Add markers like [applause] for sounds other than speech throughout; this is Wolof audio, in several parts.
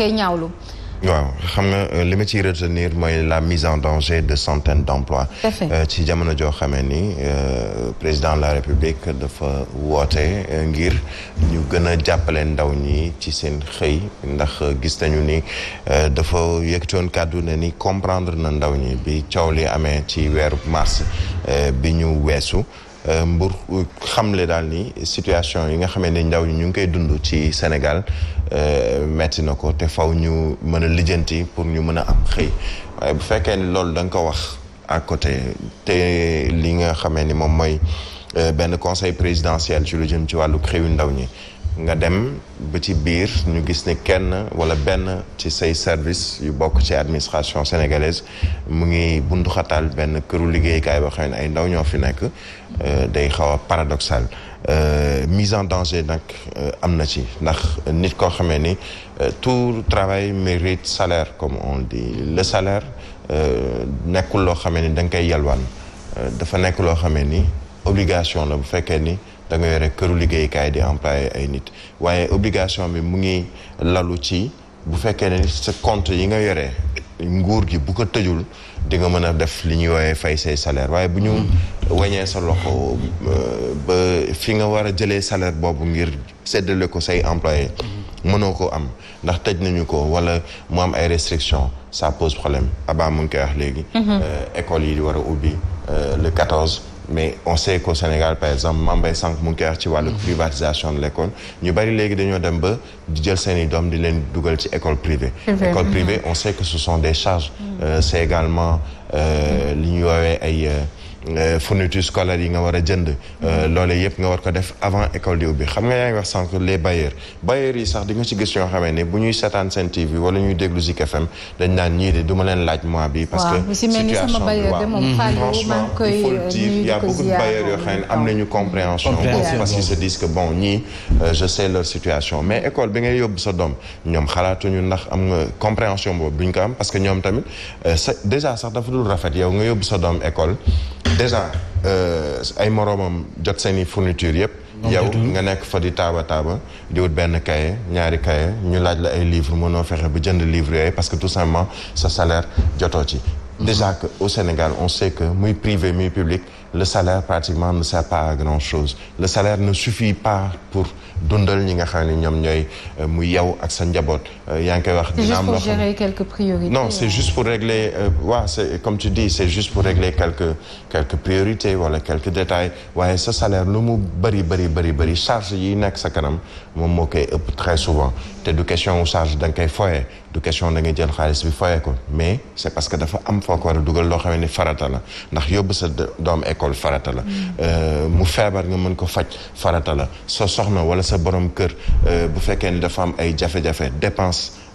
koy ñaawlu. waaw xam nga euh, li ma ciy retenir mooy la mise en danger de centaines d'emplois euh, ci jamono joo xamee ni euh, président de la république dafa woote ngir ñu gën a jàppale ndaw ñi ci seen xëy ndax gis nañu ni dafa yëkkatoon kàddu ne ni comprendre na ndaw ñi bi coow li amee ci weeru mars bi ñu weesu Euh, mbur euh, xamle daal ni situation yi nga xamee ne ndaw ñi ñu ngi koy dund ci Sénégal euh, metti na ko te faw ñu mën a lijjanti pour ñu mën a am xëy waaye bu fekkee ni loolu da nga ko wax à te li nga xamee ni moom mooy benn conseil présidentiel ci lu jëm ci wàllu xëyu ndaw ñi nga dem ba ci biir ñu gis ni kenn wala benn ci say service yu bokk ci administration sénégalaise mu ngi bunduxataal benn këru liggéeykaay boo xam ne ay ndaw ñoo fi nekk euh, day xaw a paradoxal euh, mise en danger nag euh, am na ci ndax nit koo xamee ni tout travail mérite salaire comme on di le salaire nekkul loo xamee ni da koy yalwaan dafa nekk loo xamee ni obligation la bu fekkee ni da nga yore këru liggéeykaay di employé ay nit waaye obligation bi mu ngi lalu ci bu fekkee ne sa compte yi nga yore nguur gi bu ko tëjul di nga mën a def li ñuy woowee fay say salaire waaye bu ñu wañee sa loxo euh, ba fi nga war a jëlee salaire boobu ngir séddale ko say employé mënoo ko am ndax tëj nañu ko wala mu am ay restrictions ça pose problème abaa mu ngi koy wax léegi mm-hmm. euh, écoles yi di war a ubbi euh, le 14 mais on sait qu'au Sénégal par exemple Mambay Sànq mu ngi ci wàllu privatisation de l'école ñu bari léegi dañoo dem ba di jël seeni doom di leen dugal ci école privée école privée mm-hmm. on sait que ce sont des charges euh, c'est également euh, mm-hmm. li ñuy woowee ay euh, Euh, fournitures scolaires yi nga war a jënd. Euh, loolee yëpp nga war ko def avant école di bi xam nga yaa ngi wax sànq les bailleurs bailleurs yi sax di nga ci gis yoo xamee ne bu ñuy seetaan seen TV wala ñuy déglu si FM dañ naan ñii de du ma leen laaj mois bi. parce que situation bi waaw franchement il faut euh, a beaucoup ne am nañu compréhension. boobu parce qu'ils se bon ñii je sais leur situation mais école bi ngay yóbbu sa doom ñoom xalaatuñu ndax am nga compréhension boobu duñ ko am parce que ñoom tamit déjà sax dafa dul rafet yow nga yóbbu sa doom école. déjà euh, ay moroomam jot seeni fourniture yëpp. Oh, yow nga nekk fa di taaba taaba di wut benn cahier ñaari cahier ñu laaj la ay livres mënoo fexe ba jënd livres yooyu parce que tout simplement sa salaire jotoo ci. Mhm. déjà que au Sénégal on sait que muy privé muy public le salaire pratiquement ne sert pas à grand chose le salaire ne suffit pas pour dundal ñi nga xam ne ñoom ñooy euh, muy yow ak sa njaboot. yaa ngi koy wax. dina am loo xam c'est juste pour gérer quelques priorités. non c'est juste pour régler waaw euh, c'est juste pour régler quelques quelques priorités wala quelques détails waaye sa salaire lu mu bëri bëri bëri bëri charge yi nekk sa kanam moom moo koy ëpp très souvent te du question charge da nga koy foyee du question da nga jël xaalis bi foyee ko mais c'est parce que dafa am foo ko war a dugal loo xam ne farata la ndax yóbbu sa doom école farata la. Mm. Euh, mu feebar nga mën ko faj farata la sa soxna wala sa borom kër euh, bu fekkee ni dafa am ay jafe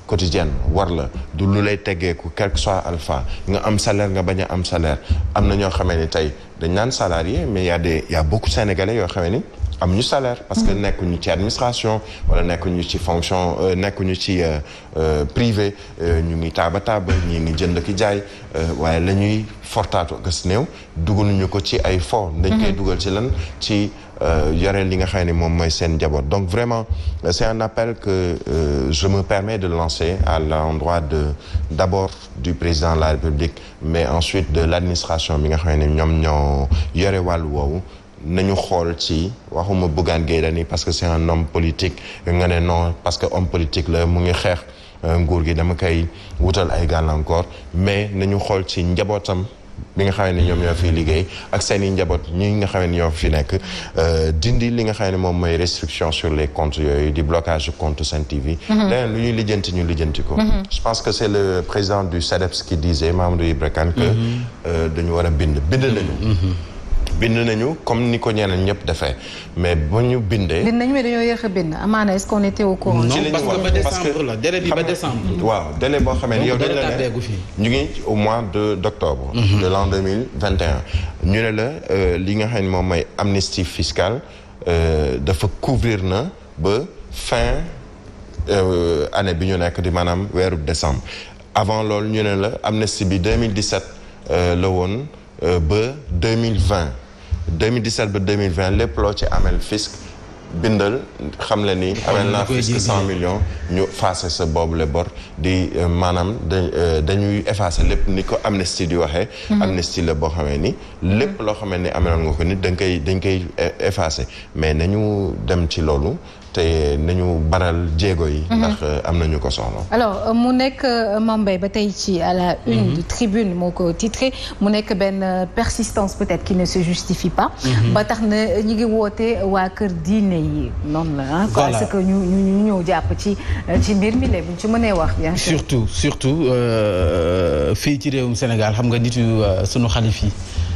quotidienne war la du lu lay teggeeku quelque que soit alpha nga am salaire nga bañ a am salaire am na ñoo xamee ni tey dañ naan salarié mais y a des y a sénégalais yoo xamee ni am ñu salaire parce que mm. nekkuñu ci administration wala nekkuñu ci fonction euh, nekkuñu ci euh, euh, privé ñu ngi taaba taaba ñii ngi jënd ki jaay waaye lañuy ñuy fortaatu ak néew dugaluñu ko ci ay fo dañ koy mm-hmm. dugal ci lan ci Euh, yoreel li nga xam ni moom mooy seen njaboot donc vraiment c'est un appel que euh, je me permets de lancer à l'endroit de d'abord du président de la République mais ensuite de l'administration bi nga xam ne ñoom ñoo yore wàllu woowu nañu xool ci waxuma Bougane Gueye Dany parce que c'est un homme politique nga ne non parce que homme politique la mu ngi xeex euh, nguur gi dama koy wutal ay gàllankoor mais nañu xool ci njabootam bi nga xamee ni ñoom ñoo fiy liggéey ak seen i njaboot ñi nga xamee ni ñoo fi nekk euh, dindi li nga xamee ne moom mooy restriction sur les comptes yooyu di blocage compte Sen TV mhm. leneen lu ñuy lijjanti ñu lijjanti ko mhm. je pense que c'est le président du SADEPS qui disait Mamadou Ibra que mhm. euh, dañu war bind bind nañu bind nañu comme ni ko ñeneen ñëpp defee mais ba ñu bindee. bind nañu mais dañoo yéex a bind amaana est que la délai bi ba waaw délai boo xamee ne yow dañu la ne ñu ngi au mois de d'octobre. Mhm. de l'an deux ñu ne la euh, li nga xam ne moom mooy amnistie fiscale euh, dafa couvrir na ba fin euh, année bi ñu nekk di maanaam weeru décembre. avant loolu ñu ne la amnistie bi 2017 la woon ba 2020. 2017 ba 2020 lépp loo ci amel fisc bindal xam le ni amel naa fisc 100 millions ñu faase sa boobu le bor di euh, maanaam da euh, dañuy effacer lépp ni ko amnistie di waxee mhm. amnistie la boo xamee ni lépp loo xamee ni ameloon nga ko nit dañ koy dañ koy euh, effacer mais nañu dem ci loolu te nañu baral jéego yi. Mhm. ndax euh, am nañu ko soxla. alors euh, mu nekk euh, Mambay ba tey ci à la une mhm. du tribune moo ko titré mu nekk benn persistance peut-être qui ne se justifie pa mhm. ba tax na ñi ngi woote waa kër diine yi noonu la ah. parce que ñu ñu ñëw jàpp ci ci mbir mi bu buñ ci mënee wax. bien sûr surtout surtout fii ci réewum Sénégal xam nga nit yu sunu xalif yi.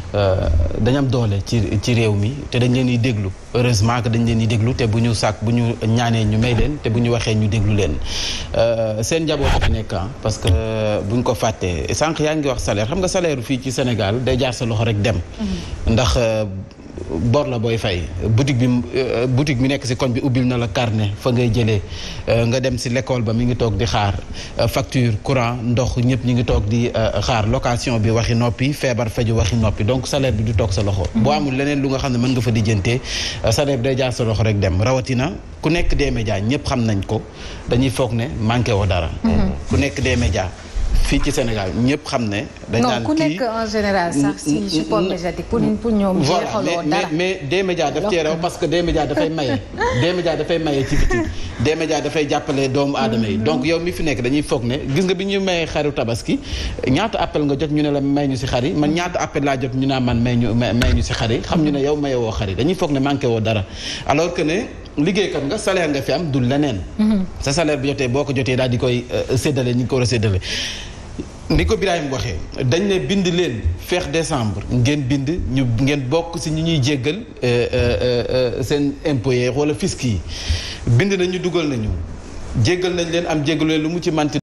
Euh, dañ am doole ci ci réew mi te dañ leen di déglu heureusement que dañ leen di déglu te bu ñu sàkk bu ñu ñaanee ñu may leen te bu ñu waxee ñu déglu leen euh, seen njaboot a fi nekk ah, parce que buñ ko fàttee sànq yaa ngi wax salaire xam nga salaire fii ci Sénégal day jaar sa loxo rek dem mm-hmm. ndax euh, bor la booy fay boutique bi euh, boutique bi nekk si koñ bi ubbil na la carnet fa ngay jëlee euh, nga dem si l'école ba mi ngi toog di xaar euh, facture courant ndox ñëpp ñu ngi toog di xaar location bi waxi noppi feebar faju waxi noppi donc salaire bi du toog sa loxo. boo amul leneen lu nga xam ne mën nga fa lijjantee salaire bi day jaar sa loxo rek dem rawatina ku nekk des médias ñëpp xam nañ ko dañuy foog ne manqué woo dara. Mm-hmm. ku nekk des médias. fii ci Sénégal ñëpp xam ne. dañ naan kii non ku nekk en général sax si support pour ñoom. voilà mais mais des médias daf cee parce que des médias dafay maye. [laughs] des médias dafay maye ci biti des médias jàppale doomu adama yi mm-hmm. donc yow mi fi nekk dañuy foog ne gis nga bi ñuy maye xaru tabaski ñaata appel nga jot ñu ne la may ñu si xar yi man ñaata appel laa jot ñu naa man may ñu may ñu xam ñu ne yow maye woo xar yi dañuy foog ne manqué woo dara alors que ne. liggéeykat nga salaire nga fi am du leneen. Mm-hmm. sa salaire bi jotee boo ko jotee daal di koy euh, séddale ñu ngi ko war a ni ko Birahim waxee dañ ne bind leen feex décembre ngeen bind ñu ngeen bokk si ñu ñuy jéggal euh, euh, euh, seen impôts wala fisc yi bind nañu dugal nañu jéggal nañ leen am jéggalu lu mu ci manti